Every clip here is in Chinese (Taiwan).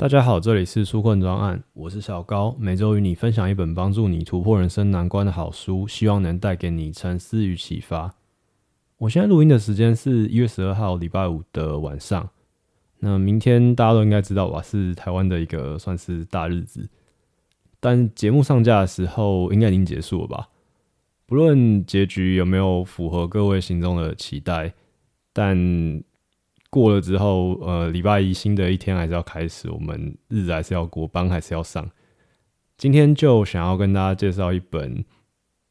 大家好，這裡是書困專案，我是小高，每周與你分享一本幫助你突破人生難關的好書，希望能帶給你沉思與啟發。我現在錄音的時間是一月十二號禮拜五的晚上，那明天大家都應該知道吧，是台灣的一個算是大日子。但節目上架的時候，應該已經結束了吧？不論結局有沒有符合各位心中的期待，但。過了之後，呃，禮拜一新的一天還是要開始，我們日子還是要過，班還是要上。今天就想要跟大家介紹一本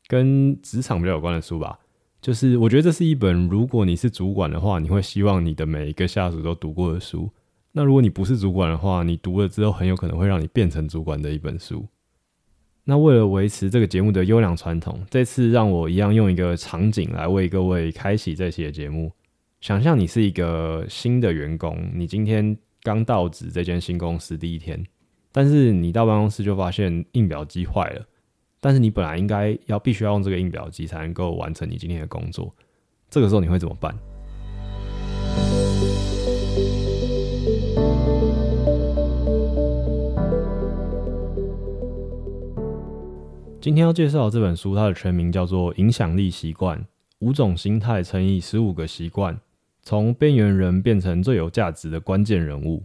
跟職場比較有關的書吧。就是我覺得這是一本如果你是主管的話，你會希望你的每一個下屬都讀過的書。那如果你不是主管的話，你讀了之後很有可能會讓你變成主管的一本書。那為了維持這個節目的優良傳統，這次讓我一樣用一個場景來為各位開啟這期的節目。想象你是一個新的員工，你今天剛到職這間新公司第一天，但是你到辦公室就發現印表機壞了，但是你本來應該要必須要用這個印表機才能夠完成你今天的工作，這個時候你會怎麼辦？今天要介紹的這本書，它的全名叫做《影響力習慣：五種心態乘以十五個習慣》。從邊緣人變成最有價值的關鍵人物。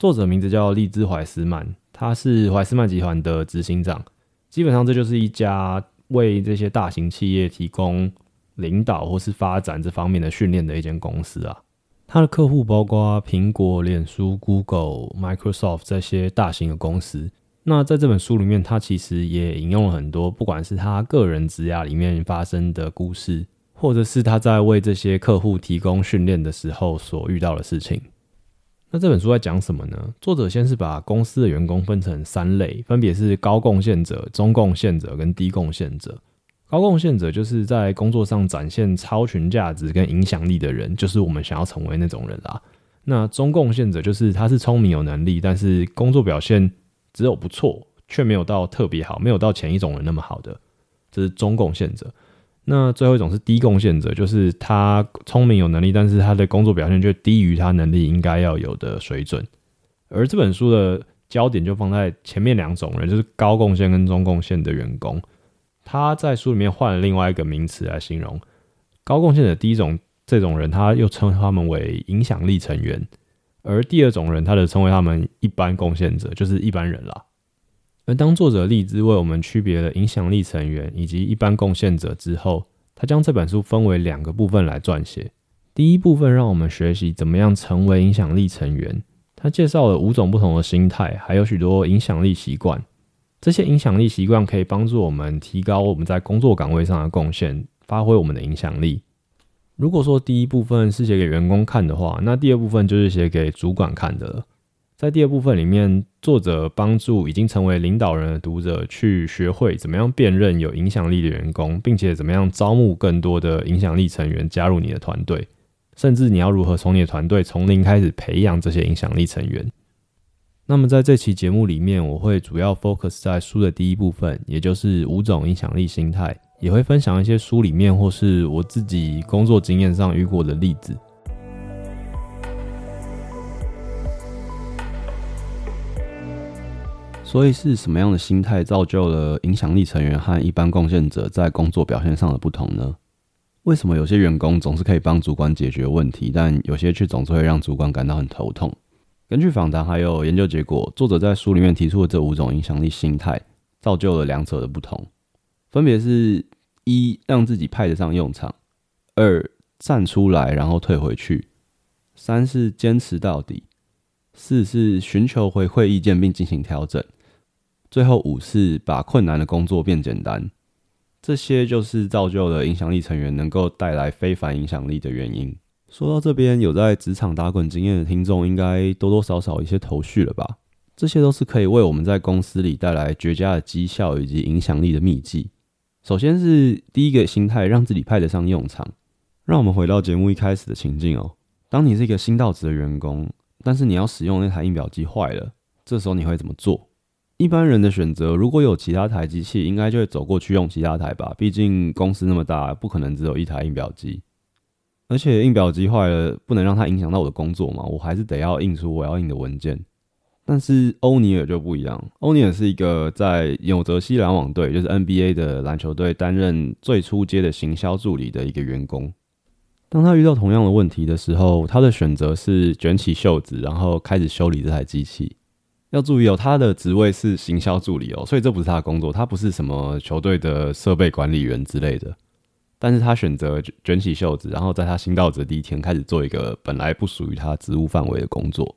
作者名字叫利茲懷斯曼，他是懷斯曼集團的執行長。基本上，這就是一家為這些大型企業提供領導或是發展這方面的訓練的一間公司啊。他的客戶包括蘋果、臉書、Google、Microsoft 這些大型的公司。那在這本書裡面，他其實也引用了很多，不管是他個人職涯裡面發生的故事。或者是他在為這些客戶提供訓練的時候所遇到的事情。那這本書在講什麼呢？作者先是把公司的員工分成三類，分別是高貢獻者、中貢獻者跟低貢獻者。高貢獻者就是在工作上展現超群價值跟影響力的人，就是我們想要成為那種人啦。那中貢獻者就是他是聰明有能力，但是工作表現只有不錯，卻沒有到特別好，沒有到前一種人那麼好的。這是中貢獻者。那最後一種是低貢獻者，就是他聰明有能力，但是他的工作表現就低於他能力應該要有的水準。而這本書的焦點就放在前面兩種人，就是高貢獻跟中貢獻的員工。他在書裡面換了另外一個名詞來形容高貢獻的第一種這種人，他又稱他們為影響力成員；而第二種人，他就稱為他們一般貢獻者，就是一般人啦。當作者利茲為我們區別了影響力成員以及一般貢獻者之後，他將這本書分為兩個部分來撰寫。第一部分讓我們學習怎麼樣成為影響力成員，他介紹了五種不同的心態，還有許多影響力習慣。這些影響力習慣可以幫助我們提高我們在工作崗位上的貢獻，發揮我們的影響力。如果說第一部分是寫給員工看的話，那第二部分就是寫給主管看的了。在第二部分裡面，作者幫助已經成為領導人的讀者去學會怎麼樣辨認有影響力的員工，並且怎麼樣招募更多的影響力成員加入你的團隊，甚至你要如何從你的團隊從零開始培養這些影響力成員。那麼在這期節目裡面，我會主要 focus 在書的第一部分，也就是五種影響力心態，也會分享一些書裡面或是我自己工作經驗上遇過的例子。所以是什麼樣的心態造就了影響力成員和一般貢獻者在工作表現上的不同呢？為什麼有些員工總是可以幫主管解決問題，但有些卻總是會讓主管感到很頭痛？根據訪談還有研究結果，作者在書裡面提出的這五種影響力心態造就了兩者的不同，分別是：一、讓自己派得上用場；二、站出來然後退回去；三是堅持到底；四是尋求回饋意見並進行調整。最後五是把困難的工作變簡單，這些就是造就了影響力成員能夠帶來非凡影響力的原因。說到這邊，有在職場打滾經驗的聽眾應該多多少少有些頭緒了吧？這些都是可以為我們在公司裡帶來絕佳的績效以及影響力的秘籍。首先是第一個心態，讓自己派得上用場。讓我們回到節目一開始的情境哦、喔，當你是一個新到職的員工，但是你要使用那台印表機壞了，這時候你會怎麼做？一般人的選擇，如果有其他台機器，應該就會走過去用其他台吧？畢竟公司那麼大，不可能只有一台印表機。而且印表機壞了，不能讓它影響到我的工作嘛，我還是得要印出我要印的文件。但是歐尼爾就不一樣，歐尼爾是一個在紐澤西籃網隊，就是 NBA 的籃球隊，擔任最初階的行銷助理的一個員工。當他遇到同樣的問題的時候，他的選擇是捲起袖子，然後開始修理這台機器。要注意哦，他的職位是行銷助理哦，所以這不是他的工作，他不是什麼球隊的設備管理員之類的。但是他選擇捲，捲起袖子，然後在他新到職第一天開始做一個本來不屬於他職務範圍的工作。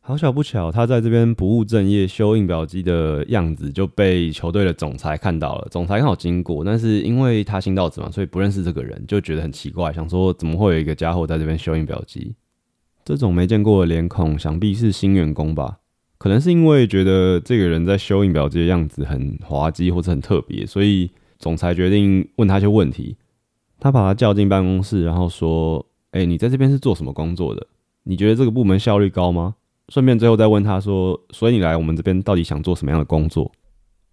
好巧不巧，他在這邊不務正業修印表機的樣子就被球隊的總裁看到了。總裁剛好經過，但是因為他新到職嘛，所以不認識這個人，就覺得很奇怪，想說怎麼會有一個家伙在這邊修印表機？這種沒見過的臉孔，想必是新員工吧。可能是因為覺得這個人在修印表機的樣子很滑稽或者很特別，所以總裁決定問他一些問題。他把他叫進辦公室，然後說：“哎、欸，你在這邊是做什麼工作的？你覺得這個部門效率高嗎？”順便最後再問他說：“所以你來我們這邊到底想做什麼樣的工作？”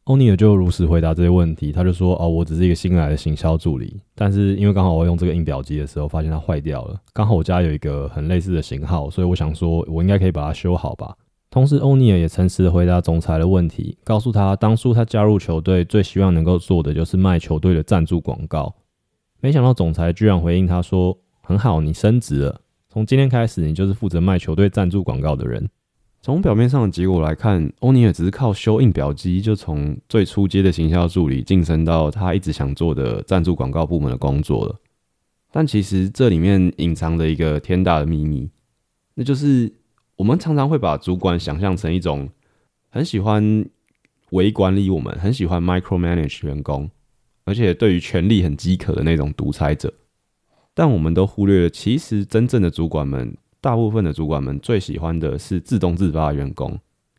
歐尼爾就如實回答這些問題。他就說：“哦，我只是一個新來的行銷助理。但是因為剛好我用這個印表機的時候發現它壞掉了，剛好我家有一個很類似的型號，所以我想說我應該可以把它修好吧。”同時，歐尼爾也誠實的回答總裁的問題，告訴他當初他加入球隊最希望能夠做的就是賣球隊的贊助廣告。沒想到總裁居然回應他說：“很好，你升職了，從今天開始你就是負責賣球隊贊助廣告的人。”從表面上的結果來看，歐尼爾只是靠修印表機就從最初階的行銷助理晉升到他一直想做的贊助廣告部門的工作了。但其實這裡面隱藏着一個天大的秘密，那就是。我們常常會把主管想象成一種很喜歡微管理我們、很喜歡 micromanage 員工，而且對於權力很飢渴的那種獨裁者。但我們都忽略了，其實真正的主管們，大部分的主管們最喜歡的是自動自發的員工。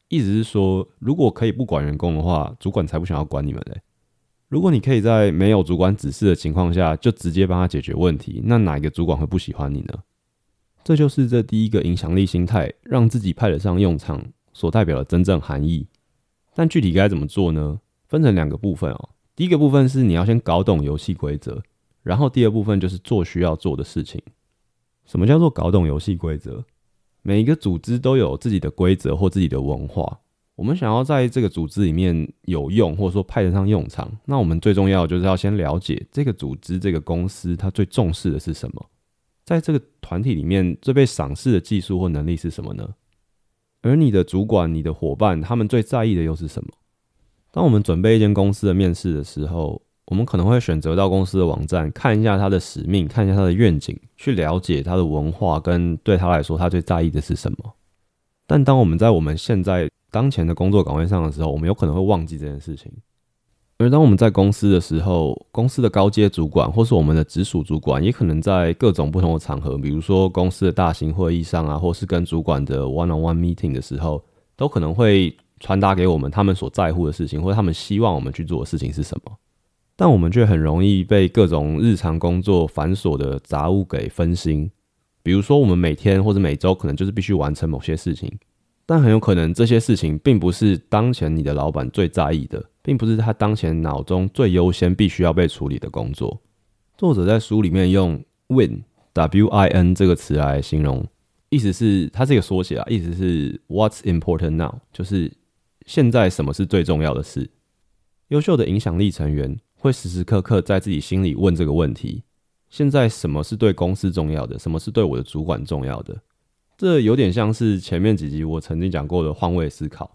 意思是說，如果可以不管員工的話，主管才不想要管你們嘞、欸。如果你可以在沒有主管指示的情況下，就直接幫他解決問題，那哪一個主管會不喜歡你呢？這就是這第一個影響力心態，讓自己派得上用場所代表的真正含義。但具體該怎麼做呢？分成兩個部分哦。第一個部分是你要先搞懂遊戲規則，然後第二部分就是做需要做的事情。什麼叫做搞懂遊戲規則？每一個組織都有自己的規則或自己的文化。我們想要在這個組織裡面有用，或者說派得上用場，那我們最重要的就是要先了解這個組織、這個公司它最重視的是什麼。在這個團體裡面，最被賞識的技術或能力是什麼呢？而你的主管、你的夥伴，他們最在意的又是什麼？當我們準備一間公司的面試的時候，我們可能會選擇到公司的網站，看一下他的使命，看一下他的願景，去了解他的文化跟對他來說他最在意的是什麼。但當我們在我們現在當前的工作崗位上的時候，我們有可能會忘記這件事情。而當我們在公司的時候，公司的高階主管或是我們的直屬主管，也可能在各種不同的場合，比如說公司的大型會議上啊，或是跟主管的 one-on-one meeting 的時候，都可能會傳達給我們他們所在乎的事情，或者他們希望我們去做的事情是什麼。但我們卻很容易被各種日常工作繁瑣的雜物給分心，比如說我們每天或者每周可能就是必須完成某些事情。但很有可能，這些事情並不是當前你的老板最在意的，並不是他當前腦中最優先、必須要被處理的工作。作者在書裡面用 “win”（W-I-N） 這個詞來形容，意思是它這個縮寫啊，意思是 “What's important now”，就是現在什麼是最重要的事。優秀的影響力成員會時時刻刻在自己心裡問這個問題：現在什麼是對公司重要的？什麼是對我的主管重要的？這有點像是前面幾集我曾經講過的換位思考。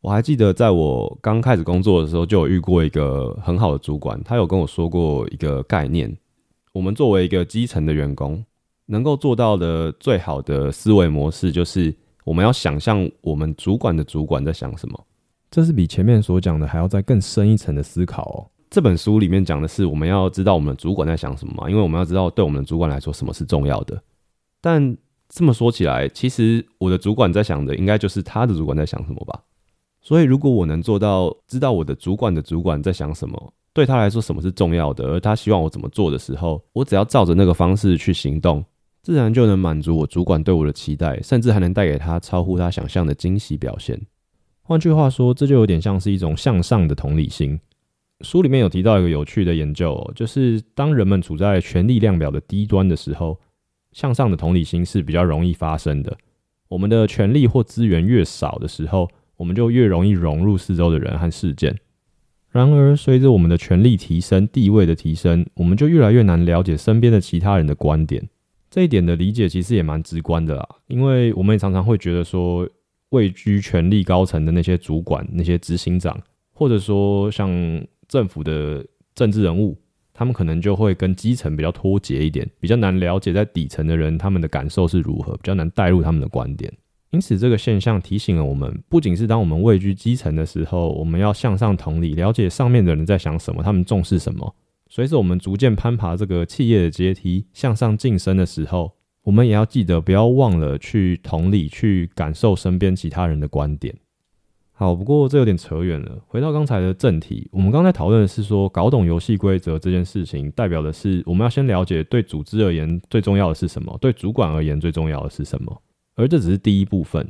我還記得，在我剛開始工作的時候，就有遇過一個很好的主管，他有跟我說過一個概念：我們作為一個基層的員工，能夠做到的最好的思維模式，就是我們要想象我們主管的主管在想什麼。這是比前面所講的還要再更深一層的思考哦。這本書裡面講的是我們要知道我們的主管在想什麼嘛？因為我們要知道，對我們的主管來說，什麼是重要的。但這麼說起來，其實我的主管在想的，應該就是他的主管在想什麼吧。所以，如果我能做到知道我的主管的主管在想什麼，對他來說什麼是重要的，而他希望我怎麼做的時候，我只要照着那個方式去行動，自然就能滿足我主管對我的期待，甚至還能帶給他超乎他想象的驚喜表現。換句話說，這就有點像是一種向上的同理心。書裡面有提到一個有趣的研究，就是當人們處在權力量表的低端的時候，向上的同理心是比較容易發生的。我們的權力或資源越少的時候，我們就越容易融入四周的人和事件。然而，隨着我們的權力提升、地位的提升，我們就越來越難了解身邊的其他人的觀點。這一點的理解其實也蠻直觀的啦，因為我們也常常會覺得說，位居權力高層的那些主管、那些執行長，或者說像政府的政治人物。他們可能就會跟基層比較脫節一點，比較難了解在底層的人他們的感受是如何，比較難代入他們的觀點。因此，這個現象提醒了我們，不僅是當我們位居基層的時候，我們要向上同理，了解上面的人在想什麼，他們重視什麼。隨着我們逐漸攀爬這個企業的階梯，向上晉升的時候，我們也要記得不要忘了去同理，去感受身邊其他人的觀點。好，不過這有點扯遠了。回到剛才的正題，我們剛才討論的是說，搞懂遊戲規則這件事情，代表的是我們要先了解對組織而言最重要的是什麼，對主管而言最重要的是什麼。而這只是第一部分。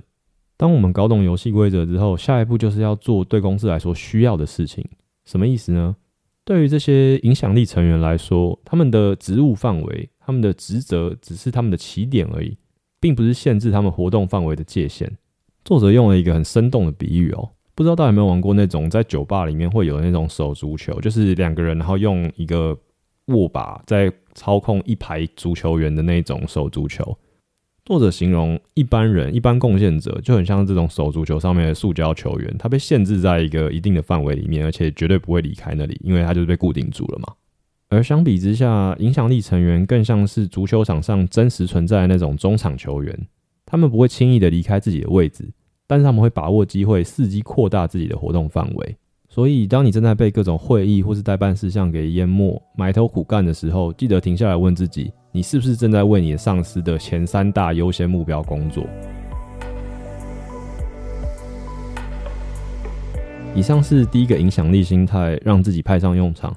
當我們搞懂遊戲規則之後，下一步就是要做對公司來說需要的事情。什麼意思呢？對於這些影響力成員來說，他們的職務範圍、他們的職責只是他們的起點而已，並不是限制他們活動範圍的界限。作者用了一個很生動的比喻哦，不知道大家有沒有玩過那種在酒吧裡面會有那種手足球，就是兩個人然後用一個握把在操控一排足球員的那種手足球。作者形容一般人、一般貢獻者就很像這種手足球上面的塑膠球員，他被限制在一個一定的範圍裡面，而且絕對不會離開那裡，因為他就被固定住了嘛。而相比之下，影響力成員更像是足球場上真實存在的那種中場球員。他們不會輕易的離開自己的位置，但是他們會把握機會，伺機擴大自己的活動範圍。所以，當你正在被各種會議或是待辦事項給淹沒、埋頭苦幹的時候，記得停下來問自己：你是不是正在為你的上司的前三大優先目標工作？以上是第一個影響力心態，讓自己派上用場。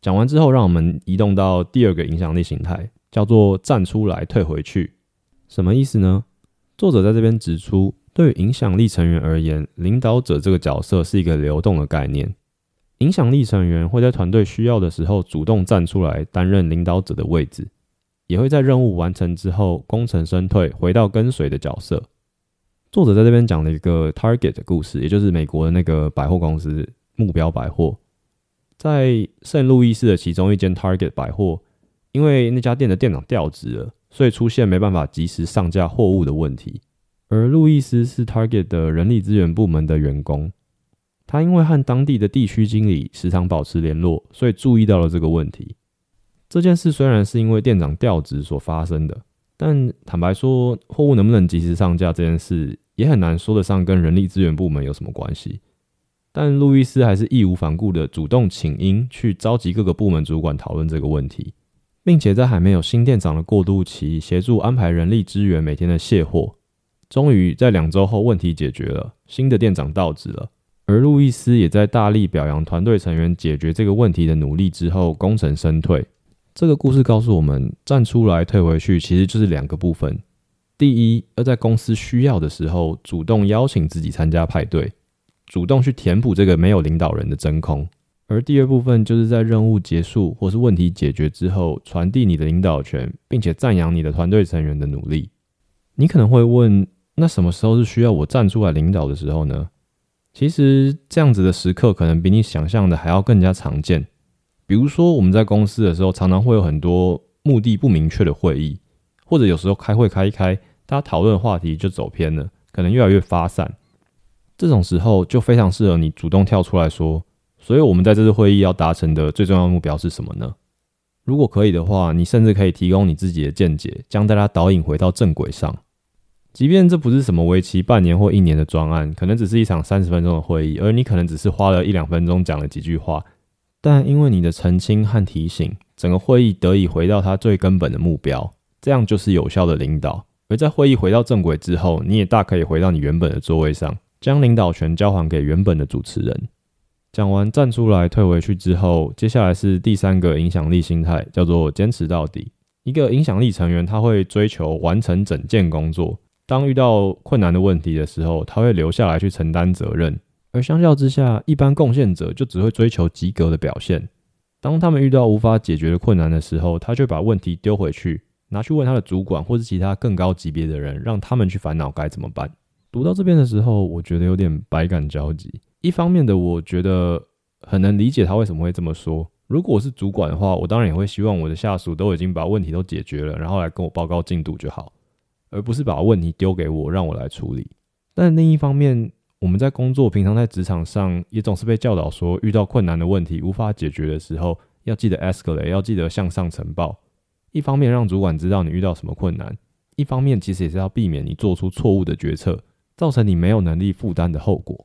講完之後，讓我們移動到第二個影響力心態，叫做“站出來退回去”，什麼意思呢？作者在這邊指出，對於影響力成員而言，領導者這個角色是一個流動的概念。影響力成員會在團隊需要的時候主動站出來擔任領導者的位置，也會在任務完成之後功成身退，回到跟隨的角色。作者在這邊講了一個 Target 的故事，也就是美國的那個百貨公司目標百貨，在聖路易斯的其中一間 Target 百貨，因為那家店的店長調職了。所以出現沒辦法及時上架貨物的問題，而路易斯是 Target 的人力資源部門的員工，他因為和當地的地區經理時常保持聯絡，所以注意到了這個問題。這件事雖然是因為店長調職所發生的，但坦白說，貨物能不能及時上架這件事也很難說得上跟人力資源部門有什麼關係。但路易斯還是義無反顧地主動請纓，去召集各個部門主管討論這個問題。並且在還沒有新店長的過渡期，協助安排人力資源每天的卸貨。終於在兩周後，問題解決了，新的店長到職了。而路易斯也在大力表揚團隊成員解決這個問題的努力之後，功成身退。這個故事告訴我們，站出來退回去，其實就是兩個部分：第一，要在公司需要的時候，主動邀請自己參加派對，主動去填補這個沒有領導人的真空。而第二部分就是在任務結束或是問題解決之後，傳遞你的領導權，並且讚揚你的團隊成員的努力。你可能會問，那什麼時候是需要我站出來領導的時候呢？其實這樣子的時刻可能比你想象的還要更加常見。比如說我們在公司的時候，常常會有很多目的不明確的會議，或者有時候開會開一開，大家討論的話題就走偏了，可能越來越發散。這種時候就非常適合你主動跳出來說。所以，我們在這次會議要達成的最重要目標是什麼呢？如果可以的話，你甚至可以提供你自己的見解，將大家導引回到正軌上。即便這不是什麼為期半年或一年的專案，可能只是一場三十分鐘的會議，而你可能只是花了一兩分鐘講了幾句話，但因為你的澄清和提醒，整個會議得以回到它最根本的目標，這樣就是有效的領導。而在會議回到正軌之後，你也大可以回到你原本的座位上，將領導權交還給原本的主持人。講完站出來退回去之後，接下來是第三個影響力心態，叫做堅持到底。一個影響力成員他會追求完成整件工作，當遇到困難的問題的時候，他會留下來去承擔責任。而相較之下，一般貢獻者就只會追求及格的表現。當他們遇到無法解決的困難的時候，他就把問題丟回去，拿去問他的主管或是其他更高級別的人，讓他們去煩惱該怎麼辦。讀到這邊的時候，我覺得有點百感交集。一方面的，我覺得很能理解他為什麼會這麼說。如果我是主管的話，我當然也會希望我的下屬都已經把問題都解決了，然後來跟我報告進度就好，而不是把問題丟給我讓我來處理。但另一方面，我們在工作平常在職場上也總是被教導說，遇到困難的問題無法解決的時候，要記得 escalate，要記得向上呈報。一方面讓主管知道你遇到什麼困難，一方面其實也是要避免你做出錯誤的決策，造成你沒有能力負擔的後果。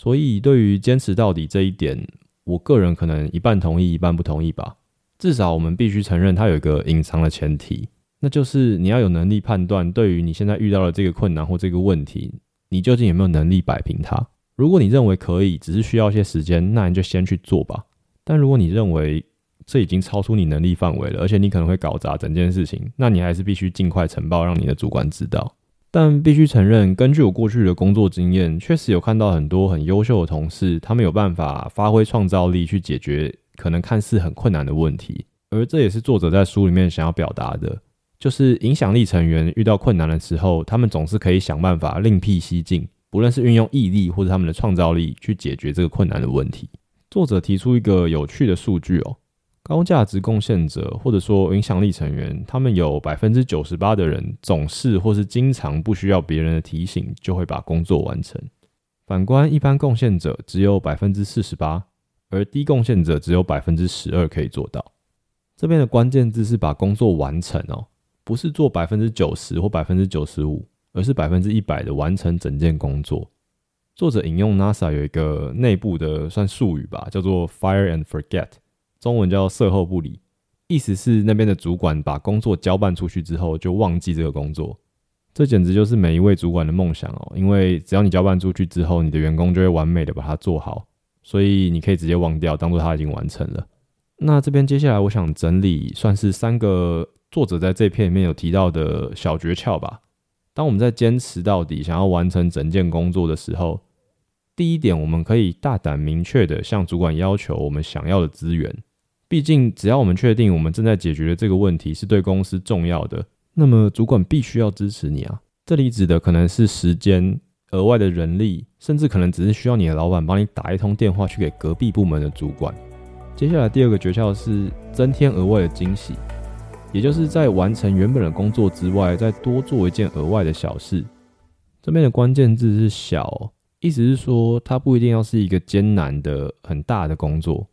所以，對於堅持到底這一點，我個人可能一半同意，一半不同意吧。至少我們必須承認，它有一個隱藏的前提，那就是你要有能力判斷，對於你現在遇到了這個困難或這個問題，你究竟有沒有能力擺平它？如果你認為可以，只是需要一些時間，那你就先去做吧。但如果你認為這已經超出你能力範圍了，而且你可能會搞砸整件事情，那你還是必須盡快呈報，讓你的主管知道。但必須承認，根據我過去的工作經驗，確實有看到很多很優秀的同事，他們有辦法發揮創造力去解決可能看似很困難的問題。而這也是作者在書裡面想要表達的，就是影響力成員遇到困難的時候，他們總是可以想辦法另闢蹊徑，不論是運用毅力或者他們的創造力去解決這個困難的問題。作者提出一個有趣的數據哦。高價值貢獻者，或者說影響力成員，他們有百分之九十八的人總是或是經常不需要別人的提醒就會把工作完成。反觀一般貢獻者，只有百分之四十八，而低貢獻者只有百分之十二可以做到。這邊的關鍵字是把工作完成哦、喔，不是做百分之九十或百分之九十五，而是百分之一百的完成整件工作。作者引用 NASA 有一個內部的算術語吧，叫做 “fire and forget”。中文叫“射後不理”，意思是那邊的主管把工作交辦出去之後，就忘記這個工作。這簡直就是每一位主管的夢想哦，因為只要你交辦出去之後，你的員工就會完美的把它做好，所以你可以直接忘掉，當做他已經完成了。那這邊接下來我想整理，算是三個作者在這篇裡面有提到的小訣竅吧。當我們在堅持到底，想要完成整件工作的時候，第一點，我們可以大膽明確的向主管要求我們想要的資源。畢竟，只要我們確定我們正在解決的這個問題是對公司重要的，那麼主管必須要支持你啊。這裡指的可能是時間、額外的人力，甚至可能只是需要你的老板幫你打一通電話去給隔壁部門的主管。接下來第二個訣竅是增添額外的驚喜，也就是在完成原本的工作之外，再多做一件額外的小事。這邊的關鍵字是“小”，意思是說它不一定要是一個艱難的、很大的工作。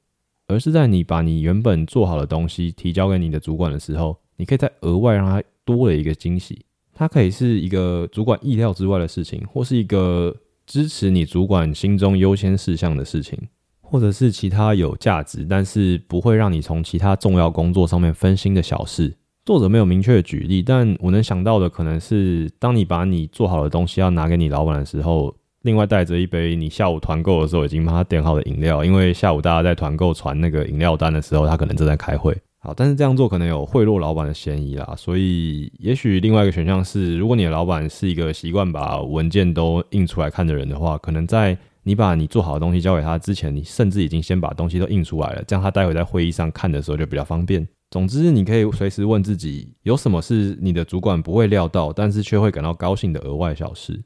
而是在你把你原本做好的東西提交給你的主管的時候，你可以再額外讓他多了一個驚喜。它可以是一個主管意料之外的事情，或是一個支持你主管心中優先事項的事情，或者是其他有價值但是不會讓你從其他重要工作上面分心的小事。作者沒有明確舉例，但我能想到的可能是，當你把你做好的東西要拿給你老板的時候。另外帶着一杯你下午團購的時候已經幫他點好的飲料，因為下午大家在團購傳那個飲料單的時候，他可能正在開會。好，但是這樣做可能有賄賂老板的嫌疑啦，所以也許另外一個選項是，如果你的老板是一個習慣把文件都印出來看的人的話，可能在你把你做好的東西交給他之前，你甚至已經先把東西都印出來了，這樣他待會在會議上看的時候就比較方便。總之，你可以隨時問自己，有什麼是你的主管不會料到，但是卻會感到高興的額外小事。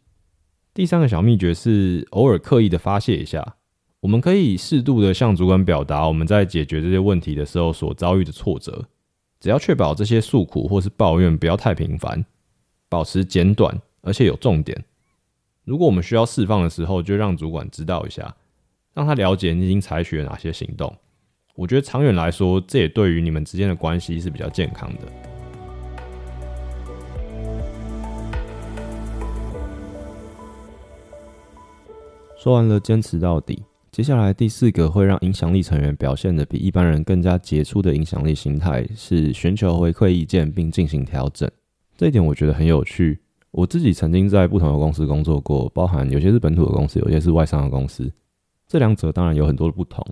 第三個小秘訣是，偶爾刻意的發洩一下。我們可以適度的向主管表達我們在解決這些問題的時候所遭遇的挫折，只要確保這些訴苦或是抱怨不要太頻繁，保持簡短，而且有重點。如果我們需要釋放的時候，就讓主管知道一下，讓他了解你已經採取了哪些行動。我覺得長遠來說，這也對於你們之間的關係是比較健康的。說完了，堅持到底。接下來第四個會讓影響力成員表現得比一般人更加傑出的影響力心態是尋求回饋意見並進行調整。這一點我覺得很有趣。我自己曾經在不同的公司工作過，包含有些是本土的公司，有些是外商的公司。這兩者當然有很多的不同，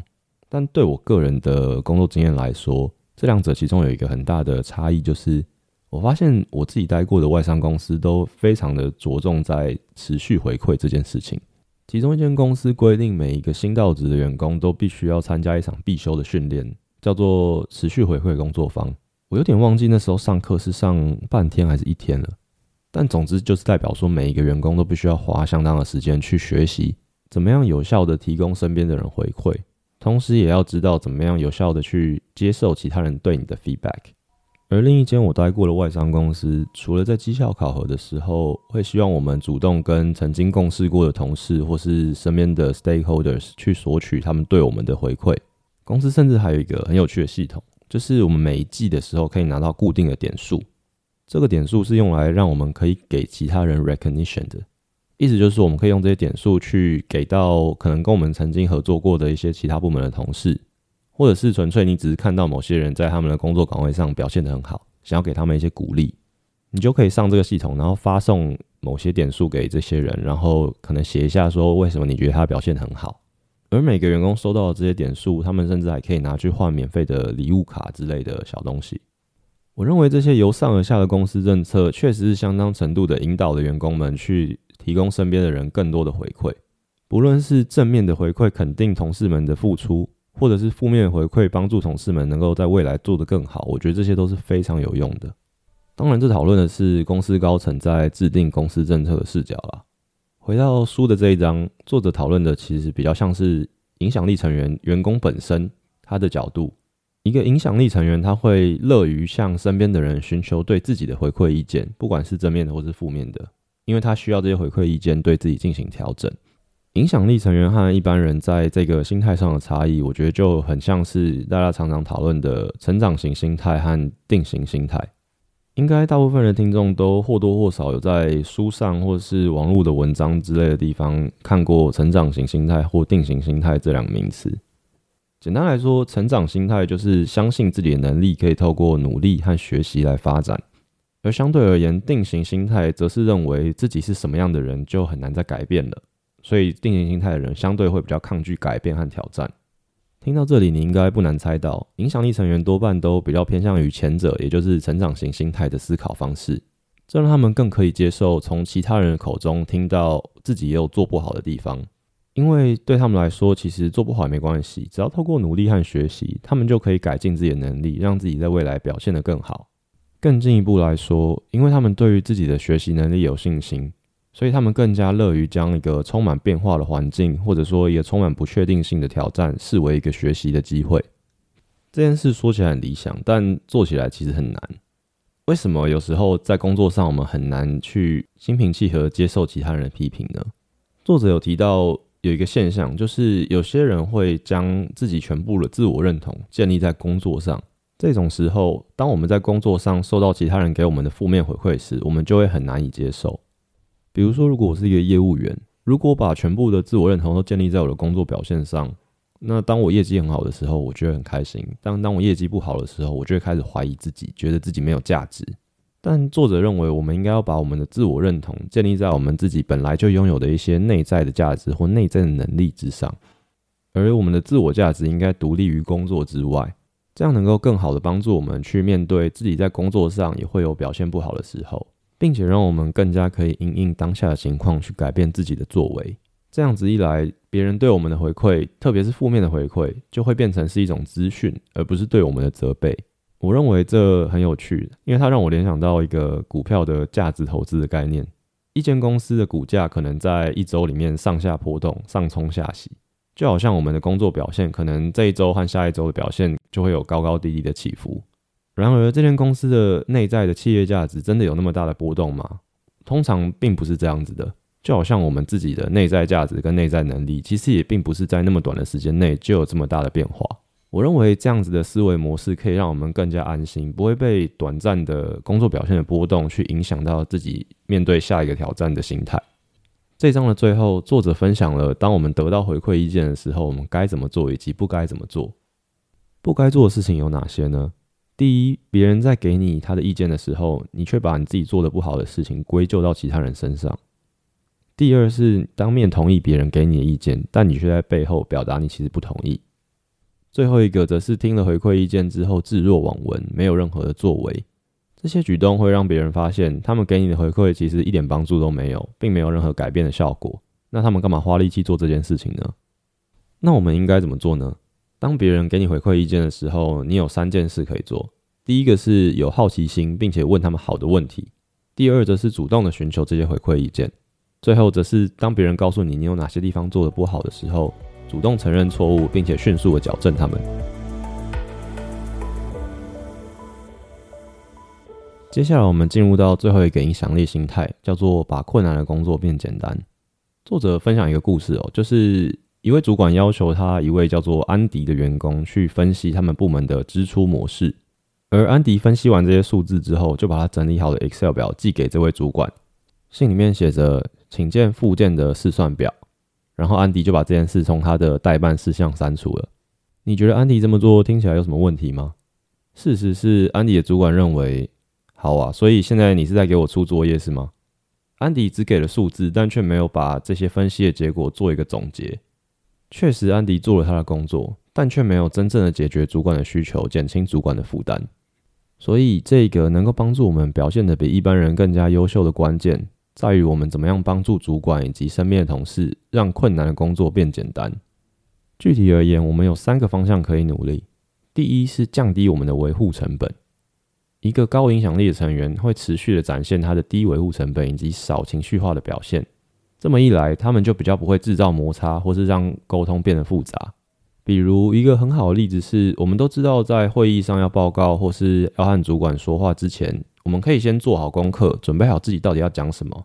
但對我個人的工作經驗來說，這兩者其中有一個很大的差異就是，我發現我自己待過的外商公司都非常的着重在持續回饋這件事情。其中一間公司規定，每一個新到職的員工都必須要參加一場必修的訓練，叫做“持續回饋工作坊”。我有點忘記那時候上課是上半天還是一天了，但總之就是代表說，每一個員工都必須要花相當的時間去學習，怎麼樣有效地提供身邊的人回饋，同時也要知道怎麼樣有效地去接受其他人對你的 feedback。而另一間我待過的外商公司，除了在績效考核的時候，會希望我們主動跟曾經共事過的同事，或是身邊的 stakeholders 去索取他們對我們的回饋。公司甚至還有一個很有趣的系統，就是我們每一季的時候可以拿到固定的點數，這個點數是用來讓我們可以給其他人 recognition 的，意思就是我們可以用這些點數去給到可能跟我們曾經合作過的一些其他部門的同事。或者是純粹你只是看到某些人在他們的工作崗位上表現得很好，想要給他們一些鼓勵，你就可以上這個系統，然後發送某些點數給這些人，然後可能寫一下說為什麼你覺得他表現得很好。而每個員工收到的這些點數，他們甚至還可以拿去換免費的禮物卡之類的小東西。我認為這些由上而下的公司政策，確實是相當程度的引導了員工們去提供身邊的人更多的回饋，不論是正面的回饋，肯定同事們的付出。或者是負面回饋，幫助同事們能夠在未來做得更好，我覺得這些都是非常有用的。當然，這討論的是公司高層在制定公司政策的視角啦。回到書的這一章，作者討論的其實比較像是影響力成員員工本身他的角度。一個影響力成員，他會樂於向身邊的人尋求對自己的回饋意見，不管是正面的或是負面的，因為他需要這些回饋意見對自己進行調整。影響力成員和一般人在這個心態上的差異，我覺得就很像是大家常常討論的成長型心態和定型心態。應該大部分的聽眾都或多或少有在書上或是網絡的文章之類的地方看過“成長型心態”或“定型心態”這兩個名詞。簡單來說，成長心態就是相信自己的能力可以透過努力和學習來發展，而相對而言，定型心態則是認為自己是什麼樣的人就很難再改變了。所以，定型心態的人相對會比較抗拒改變和挑戰。聽到這裡，你應該不難猜到，影響力成員多半都比較偏向於前者，也就是成長型心態的思考方式。這讓他們更可以接受從其他人的口中聽到自己也有做不好的地方，因為對他們來說，其實做不好也沒關係，只要透過努力和學習，他們就可以改進自己的能力，讓自己在未來表現得更好。更進一步來說，因為他們對於自己的學習能力有信心。所以他們更加樂於將一個充滿變化的環境，或者說一個充滿不確定性的挑戰，視為一個學習的機會。這件事說起來很理想，但做起來其實很難。為什麼有時候在工作上我們很難去心平氣和接受其他人的批評呢？作者有提到有一個現象，就是有些人會將自己全部的自我認同建立在工作上。這種時候，當我們在工作上受到其他人給我們的負面回饋時，我們就會很難以接受。比如說，如果我是一個業務員，如果把全部的自我認同都建立在我的工作表現上，那當我業績很好的時候，我就會很開心；但當我業績不好的時候，我就會開始懷疑自己，覺得自己沒有價值。但作者認為，我們應該要把我們的自我認同建立在我們自己本來就擁有的一些內在的價值或內在的能力之上，而我們的自我價值應該獨立於工作之外，這樣能夠更好的幫助我們去面對自己在工作上也會有表現不好的時候。並且讓我們更加可以因應當下的情況去改變自己的作為，這樣子一來，別人對我們的回饋，特別是負面的回饋，就會變成是一種資訊，而不是對我們的責備。我認為這很有趣，因為它讓我聯想到一個股票的價值投資的概念。一間公司的股價可能在一週裡面上下波動，上衝下洗，就好像我們的工作表現，可能這一週和下一週的表現就會有高高低低的起伏。然而，這間公司的內在的企業價值真的有那麼大的波動嗎？通常並不是這樣子的。就好像我們自己的內在價值跟內在能力，其實也並不是在那麼短的時間內就有這麼大的變化。我認為這樣子的思維模式可以讓我們更加安心，不會被短暫的工作表現的波動去影響到自己面對下一個挑戰的心態。這一章的最後，作者分享了當我們得到回饋意見的時候，我們該怎麼做以及不該怎麼做。不該做的事情有哪些呢？第一，別人在給你他的意見的時候，你卻把你自己做得不好的事情歸咎到其他人身上；第二是當面同意別人給你的意見，但你卻在背後表達你其實不同意；最後一個則是聽了回饋意見之後置若罔聞，沒有任何的作為。這些舉動會讓別人發現，他們給你的回饋其實一點幫助都沒有，並沒有任何改變的效果。那他們幹嘛花力氣做這件事情呢？那我們應該怎麼做呢？當別人給你回饋意見的時候，你有三件事可以做：第一個是有好奇心，並且問他們好的問題；第二則是主動的尋求這些回饋意見；最後則是當別人告訴你你有哪些地方做得不好的時候，主動承認錯誤，並且迅速的矯正他們。接下來我們進入到最後一個影響力心態，叫做把困難的工作變簡單。作者分享一個故事哦，就是，一位主管要求他一位叫做安迪的員工去分析他們部門的支出模式，而安迪分析完這些數字之後，就把他整理好的 Excel 表寄給這位主管，信裡面寫着“請見附件的試算表”。然後安迪就把這件事從他的待辦事項刪除了。你覺得安迪這麼做聽起來有什麼問題嗎？事實是，安迪的主管認為：“好啊，所以現在你是在給我出作業是嗎？”安迪只給了數字，但卻沒有把這些分析的結果做一個總結。確實，安迪做了他的工作，但卻沒有真正的解決主管的需求，減輕主管的負擔。所以，這個能夠幫助我們表現得比一般人更加優秀的關鍵，在於我們怎麼樣幫助主管以及身邊的同事，讓困難的工作變簡單。具體而言，我們有三個方向可以努力：第一是降低我們的維護成本。一個高影響力的成員會持續的展現他的低維護成本以及少情緒化的表現。這麼一來，他們就比較不會製造摩擦，或是讓溝通變得複雜。比如，一個很好的例子是，我們都知道，在會議上要報告，或是要和主管說話之前，我們可以先做好功課，準備好自己到底要講什麼。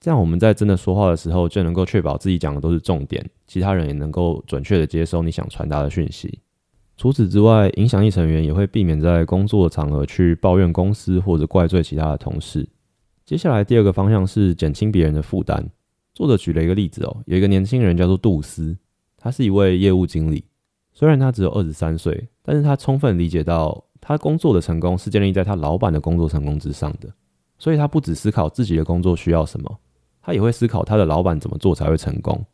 這樣，我們在真的說話的時候，就能夠確保自己講的都是重點，其他人也能夠準確地接收你想傳達的訊息。除此之外，影響力成員也會避免在工作的場合去抱怨公司，或者怪罪其他的同事。接下來，第二個方向是減輕別人的負擔。作者舉了一個例子哦，有一個年輕人叫做杜斯，他是一位業務經理。雖然他只有二十三歲，但是他充分理解到，他工作的成功是建立在他老闆的工作成功之上的。所以，他不只思考自己的工作需要什麼，他也會思考他的老闆怎麼做才會成功。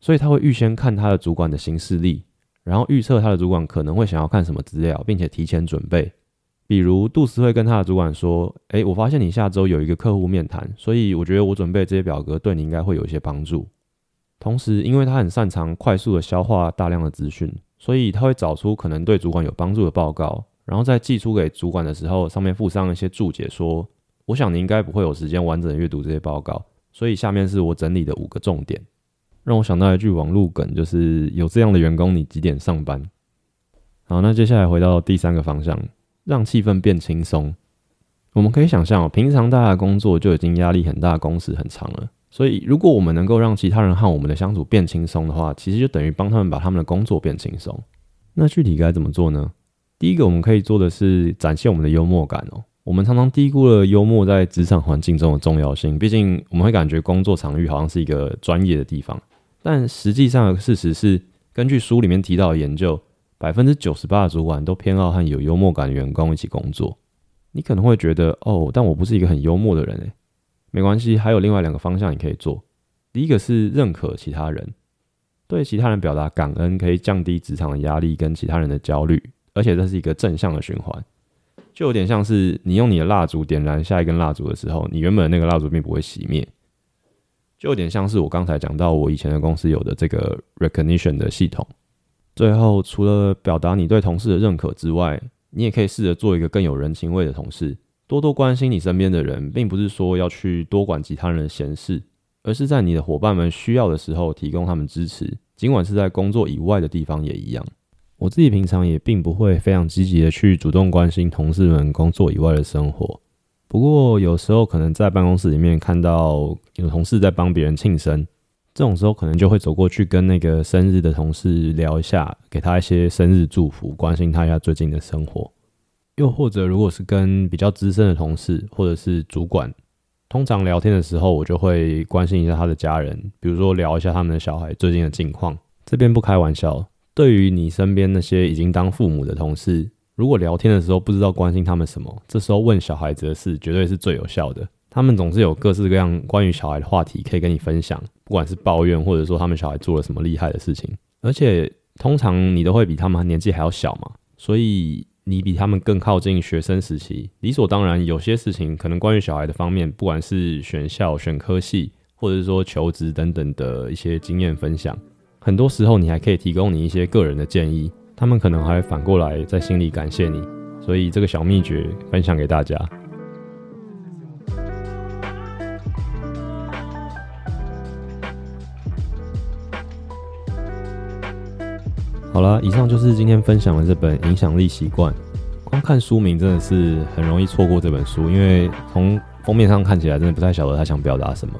所以，他會預先看他的主管的行事曆，然後預測他的主管可能會想要看什麼資料，並且提前準備。比如杜斯會跟他的主管說：“誒，我發現你下週有一個客戶面談，所以我覺得我準備這些表格對你應該會有一些幫助。同時，因為他很擅長快速的消化大量的資訊，所以他會找出可能對主管有幫助的報告，然後在寄出給主管的時候，上面附上一些註解，說：我想你應該不會有時間完整的閱讀這些報告，所以下面是我整理的五個重點。讓我想到一句網絡梗，就是有這樣的員工，你幾點上班？好，那接下來回到第三個方向。”讓氣氛變輕鬆，我們可以想象哦，平常大家的工作就已經壓力很大，工時很長了。所以，如果我們能夠讓其他人和我們的相處變輕鬆的話，其實就等於幫他們把他們的工作變輕鬆。那具體該怎麼做呢？第一個，我們可以做的是展現我們的幽默感哦。我們常常低估了幽默在職場環境中的重要性，畢竟我們會感覺工作場域好像是一個專業的地方，但實際上的事實是，根據書裡面提到的研究。百分之九十八的主管都偏好和有幽默感的員工一起工作。你可能會覺得哦，但我不是一個很幽默的人哎，沒關係，還有另外兩個方向你可以做。第一個是認可其他人，對其他人表達感恩，可以降低職場的壓力跟其他人的焦慮，而且這是一個正向的循環，就有點像是你用你的蠟燭點燃下一根蠟燭的時候，你原本的那個蠟燭並不會熄滅，就有點像是我剛才講到我以前的公司有的這個 recognition 的系統。最後，除了表達你對同事的認可之外，你也可以試着做一個更有人情味的同事，多多關心你身邊的人，並不是說要去多管其他人的閒事，而是在你的夥伴們需要的時候提供他們支持。儘管是在工作以外的地方也一樣。我自己平常也並不會非常積極的去主動關心同事們工作以外的生活，不過有時候可能在辦公室裡面看到有同事在幫別人慶生。這種時候可能就會走過去跟那個生日的同事聊一下，給他一些生日祝福，關心他一下最近的生活。又或者，如果是跟比較資深的同事或者是主管，通常聊天的時候，我就會關心一下他的家人，比如說聊一下他們的小孩最近的近況。這邊不開玩笑，對於你身邊那些已經當父母的同事，如果聊天的時候不知道關心他們什麼，這時候問小孩子的事絕對是最有效的。他們總是有各式各樣關於小孩的話題可以跟你分享，不管是抱怨或者說他們小孩做了什麼厲害的事情，而且通常你都會比他們年紀還要小嘛，所以你比他們更靠近學生時期，理所當然，有些事情可能關於小孩的方面，不管是選校、選科系，或者是說求職等等的一些經驗分享，很多時候你還可以提供你一些個人的建議，他們可能還會反過來在心裡感謝你，所以這個小秘訣分享給大家。好啦，以上就是今天分享的這本《影響力習慣》。光看書名真的是很容易錯過這本書，因為從封面上看起來，真的不太曉得他想表達什麼。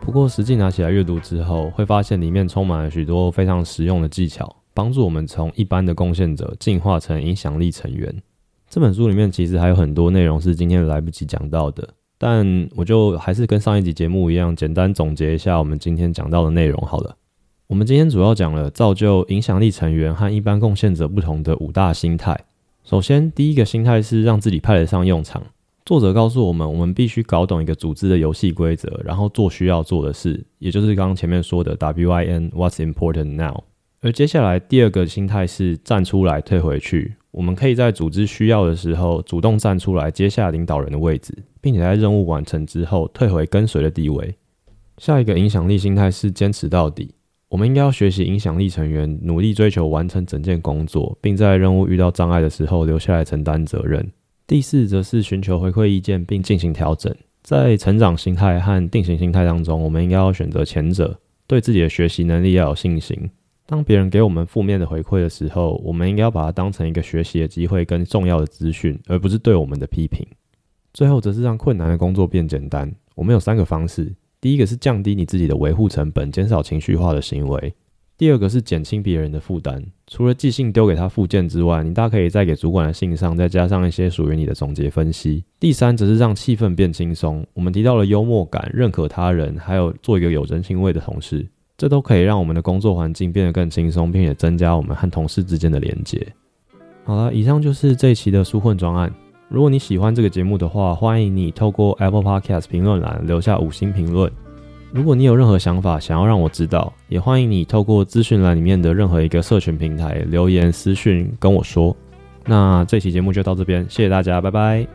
不過實際拿起來閱讀之後，會發現裡面充滿了許多非常實用的技巧，幫助我們從一般的貢獻者進化成影響力成員。這本書裡面其實還有很多內容是今天來不及講到的，但我就還是跟上一集節目一樣，簡單總結一下我們今天講到的內容。好了。我們今天主要講了造就影響力成員和一般貢獻者不同的五大心態。首先，第一個心態是讓自己派得上用場。作者告訴我們，我們必須搞懂一個組織的遊戲規則，然後做需要做的事，也就是剛剛前面說的 WIN What's Important Now。而接下來第二個心態是站出來，退回去。我們可以在組織需要的時候主動站出來，接下領導人的位置，並且在任務完成之後退回跟隨的地位。下一個影響力心態是堅持到底。我們應該要學習影響力成員，努力追求完成整件工作，並在任務遇到障礙的時候留下來承擔責任。第四，則是尋求回饋意見並進行調整。在成長心態和定型心態當中，我們應該要選擇前者，對自己的學習能力要有信心。當別人給我們負面的回饋的時候，我們應該要把它當成一個學習的機會跟重要的資訊，而不是對我們的批評。最後，則是讓困難的工作變簡單。我們有三個方式。第一個是降低你自己的維護成本，減少情緒化的行為；第二個是減輕別人的負擔。除了寄信丟給他附件之外，你大可以在給主管的信上再加上一些屬於你的總結分析。第三則是讓氣氛變輕鬆。我們提到了幽默感、認可他人，還有做一個有人情味的同事，這都可以讓我們的工作環境變得更輕鬆，並且增加我們和同事之間的連接。好了，以上就是這一期的書困專案。如果你喜歡這個節目的話，歡迎你透過 Apple Podcast 評論欄留下五星評論。如果你有任何想法想要讓我知道，也歡迎你透過資訊欄裡面的任何一個社群平台留言、私訊跟我說。那這期節目就到這邊，謝謝大家，拜拜。